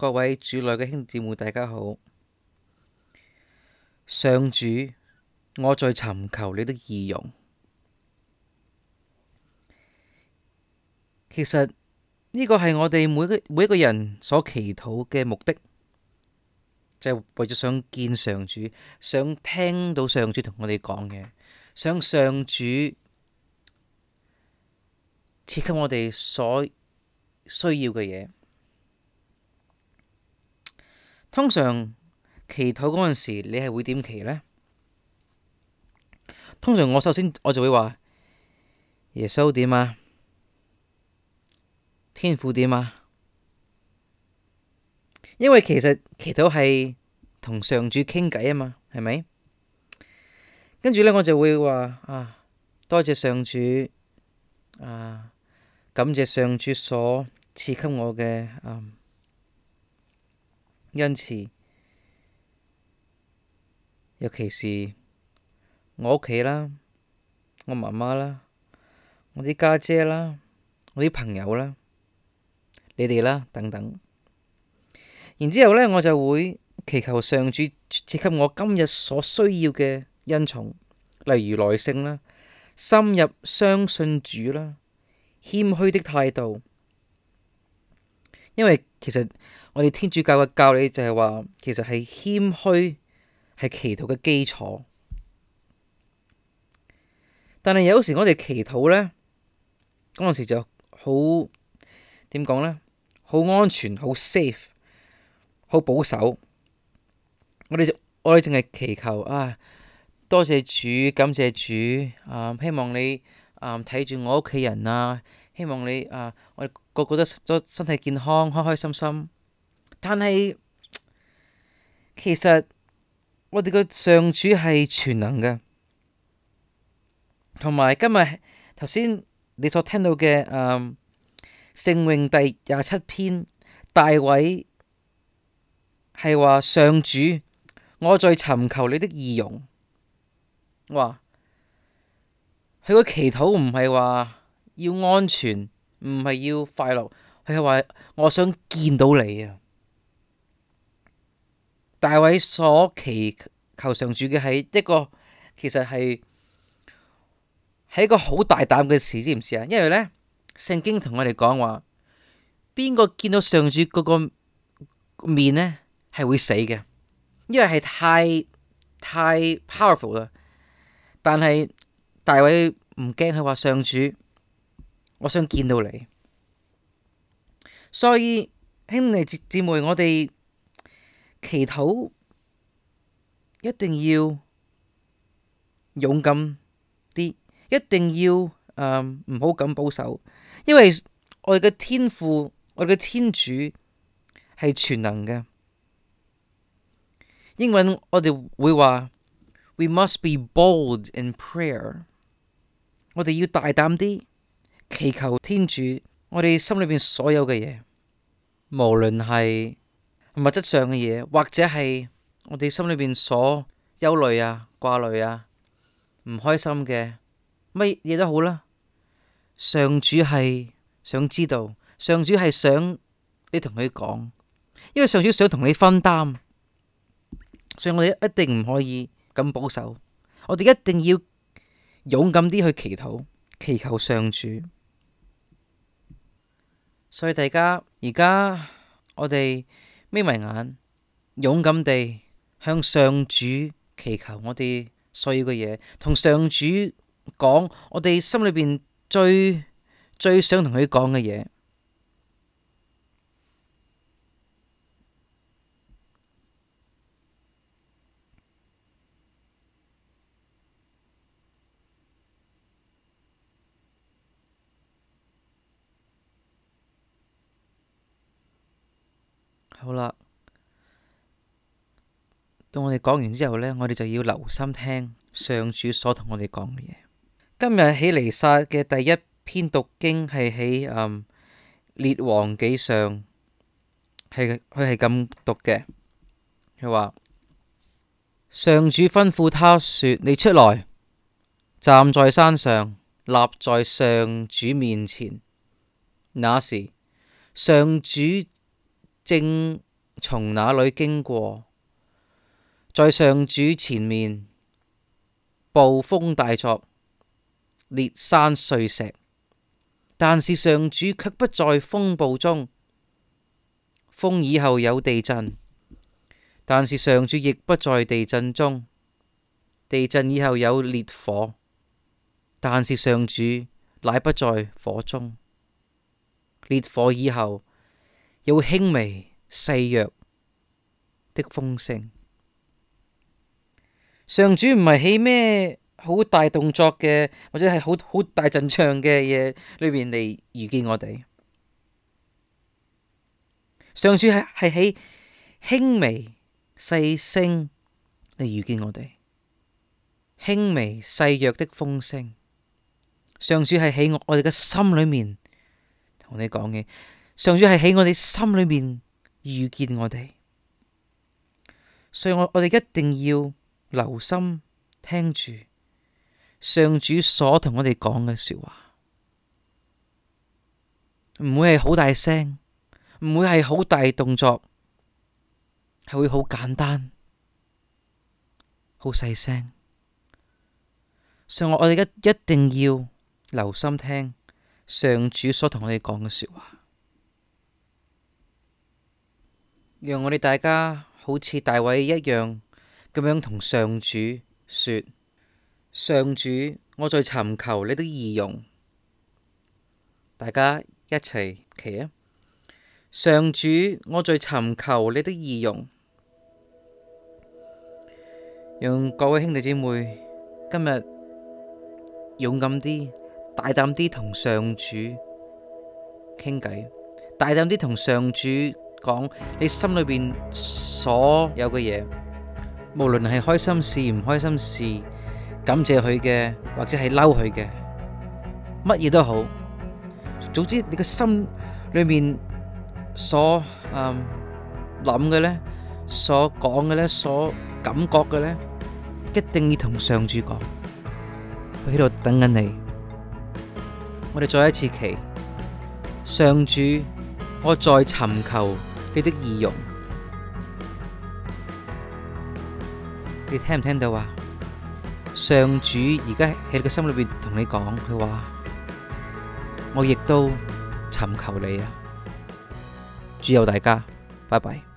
各位主內嘅兄弟姐妹大家好。上主，我在尋求你的儀容。其實呢、這個係我哋每個每一個人所祈禱嘅目的，就係、是、為咗想見上主，想聽到上主同我哋講嘢，想上主賜給我哋所需要嘅嘢。通常祈禱嗰陣時，你係會點祈呢？通常我首先我就會話耶穌點啊，天父點啊，因為其實祈禱係同上主傾偈啊嘛，係咪？跟住呢，我就會話啊，多謝上主啊，感謝上主所賜給我嘅啊。因此，尤其是我屋企啦，我媽媽啦，我啲家姐啦，我啲朋友啦，你哋啦等等。然之後呢，我就會祈求上主賜給我今日所需要嘅恩寵，例如耐性啦、深入相信主啦、謙虛的態度，因為其實我哋天主教嘅教理就係話，其實係謙虛係祈禱嘅基礎。但係有時我哋祈禱呢，嗰陣時就好點講呢？好安全，好 safe，好保守。我哋就我哋淨係祈求啊！多謝主，感謝主啊，呃！希望你啊睇住我屋企人啊！希望你啊，我哋個個都身體健康，開開心心。但係其實我哋個上主係全能嘅，同埋今日頭先你所聽到嘅，嗯，聖詠第廿七篇大衛係話上主，我在尋求你的儀容，哇，佢個祈禱唔係話。要安全唔係要快樂，佢話我想見到你啊！大衛所祈求上主嘅係一個其實係係一個好大膽嘅事，知唔知啊？因為呢，聖經同我哋講話，邊個見到上主嗰個面呢，係會死嘅，因為係太太 powerful 啦。但係大衛唔驚，佢話上主，我想見到你，所以兄弟姊妹，我哋祈禱一定要勇敢啲，一定要誒唔好咁保守，因為我哋嘅天父，我哋嘅天主係全能嘅。英文我哋會話，We must be bold in prayer。我哋要大膽啲。祈求天主，我哋心裏邊所有嘅嘢，無論係物質上嘅嘢，或者係我哋心裏邊所憂慮啊、掛慮啊、唔開心嘅，乜嘢都好啦。上主係想知道，上主係想你同佢講，因為上主想同你分擔，所以我哋一定唔可以咁保守，我哋一定要勇敢啲去祈禱，祈求上主。所以大家而家我哋眯埋眼，勇敢地向上主祈求我哋需要嘅嘢，同上主講我哋心裏邊最最想同佢講嘅嘢。好啦，到我哋講完之後呢，我哋就要留心聽上主所同我哋講嘅嘢。今日起彌撒嘅第一篇讀經係喺、嗯《列王記上》，係佢係咁讀嘅。佢話上主吩咐他說：你出來，站在山上，立在上主面前。那時上主。正從那裡經過，在上主前面，暴風大作，裂山碎石；但是上主却不在風暴中。風以後有地震，但是上主亦不在地震中。地震以後有烈火，但是上主乃不在火中。烈火以後。有輕微細弱的風聲，上主唔係喺咩好大動作嘅，或者係好好大陣仗嘅嘢裏邊嚟遇見我哋。上主係係喺輕微細聲嚟遇見我哋，輕微細弱的風聲，上主係喺我我哋嘅心裏面同你講嘅。上主係喺我哋心裏面遇見我哋，所以我我哋一定要留心聽住上主所同我哋講嘅說話，唔會係好大聲，唔會係好大動作，係會好簡單，好細聲。所以我哋一一定要留心聽上主所同我哋講嘅說話。讓我哋大家好似大衛一樣咁樣同上主說：上主，我在尋求你的儀容。大家一齊企啊！上主，我在尋求你的儀容。讓各位兄弟姐妹今日勇敢啲、大膽啲同上主傾偈，大膽啲同上主。講你心裏邊所有嘅嘢，無論係開心事、唔開心事，感謝佢嘅或者係嬲佢嘅，乜嘢都好。總之你個心裏面所諗嘅咧，所講嘅咧，所感覺嘅咧，一定要同上主講。佢喺度等緊你。我哋再一次祈。上主，我再尋求。你的儀容，你聽唔聽到啊？上主而家喺你嘅心裏面同你講，佢話：我亦都尋求你啊！主佑大家，拜拜。